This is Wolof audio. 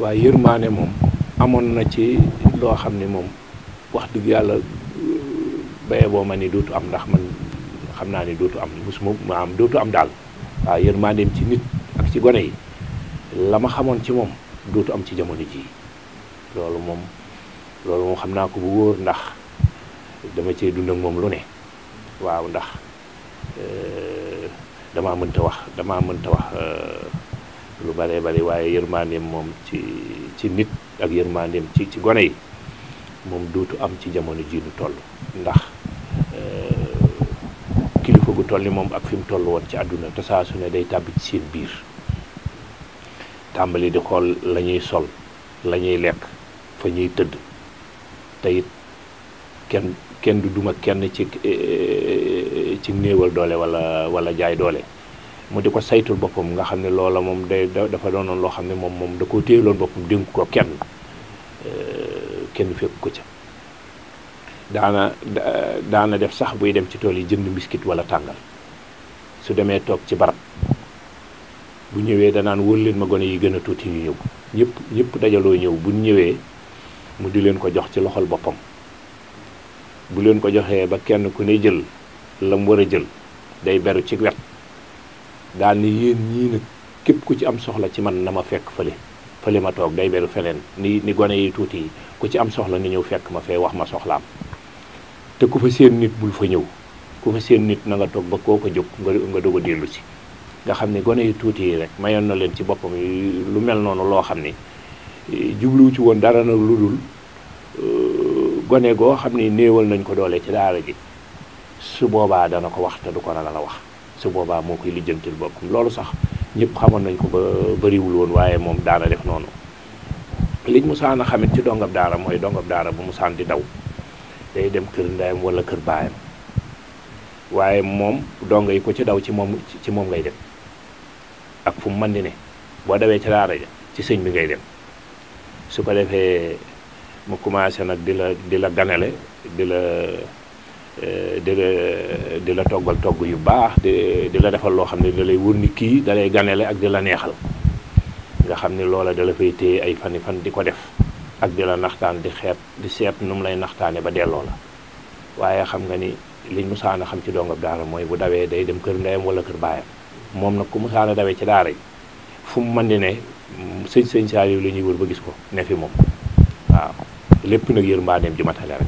waaye yërmaane moom amoon na ci loo xam ni moom wax dugg yàlla baye boo ma ni dootu am ndax man xam naa ni dootu am mosuma ma am dootu am daal waaw yërmaandeem ci nit ak ci gone yi la ma xamoon ci moom dootu am ci jamono ji loolu moom loolu moom xam naa ko bu wóor ndax dama cee dund ak moom lu ne waaw ndax euh, damaa mënta wax damaa mënta wax euh, lu bare bari waaye yërmandeem moom ci ci nit ak yërmandeem ci ci gone yi moom duutu am ci jamono ji nu ndax euh, kilifa gu toll ni moom ak fi mu toll woon ci àdduna te saa su ne day tàbbi ci seen biir tàmbali di xool la ñuy sol la ñuy lekk fa ñuy tëdd te it kenn kenn du duma kenn ci e, e, e, ci néewal doole wala wala jaay doole mu di ko saytul boppam nga xam ne loola moom day dafa doonoon loo xam ne moom moom da koo téyeloon boppam dénk ko kenn euh, kenn fekk ko ca daana daana def sax buy dem ci tool yi jënd biskit wala tàngal su demee toog ci barab bu ñëwee danaan wóor leen ma gone yi gën a tuuti yu ñëw ñëpp ñëpp dajaloo ñëw bu ñëwee mu di leen ko jox ci loxol boppam bu leen ko joxee ba kenn ku ne jël la mu war a jël day beru ci wet daal ni yéen ñii nag képp ku ci am soxla ci man na ma fekk fële fële ma toog day beru feneen ni ni gone yi tuuti yi ku ci am soxla ni ñëw fekk ma fee wax ma soxlaam te ku fa seen nit bul fa ñëw ku fa seen nit na toog ba koo ko jóg nga nga doog a dellu si nga xam ne gone yi tuuti yi rek mayoon na leen ci boppam lu mel noonu loo xam ni jubluwu ci woon dara nag lu dul euh, gone goo xam ni néewal nañ ko doole ci daara ji su boobaa dana ko wax te du ko ragal a wax su boobaa moo koy lijjantil boppam loolu sax ñëpp xamoon nañ ko ba bëriwul woon waaye moom daana def noonu liñ musaan a xamit ci dongab daara mooy dongab daara bu musaan di daw day dem kër ndeyam wala kër baayam waaye moom donga yi ko ci daw ci moom ci moom ngay dem ak fu mu mën di ne boo dawee ci daara ja ci sëñ bi ngay dem su ko defee mu commencé nag di la di la ganale di la Euh, di la la toggal togg yu baax. di di la defal loo xam ne da lay wër ni kii da lay ganale ak di la neexal nga xam ne loola da la fay téye ay fan fan di ko def ak di la naxtaan di xeet di seet nu mu lay naxtaane ba delloo la waaye xam nga ni liñ musaana xam ci dongab daara mooy bu dawee day dem kër ndeyam wala kër baayam moom nag ku musaana dawee ci daara yi fu mu mën di ne sëñ sëñ Saaliw la ñuy wër ba gis ko ne fi moom waaw lépp nag yërmandeem ju matale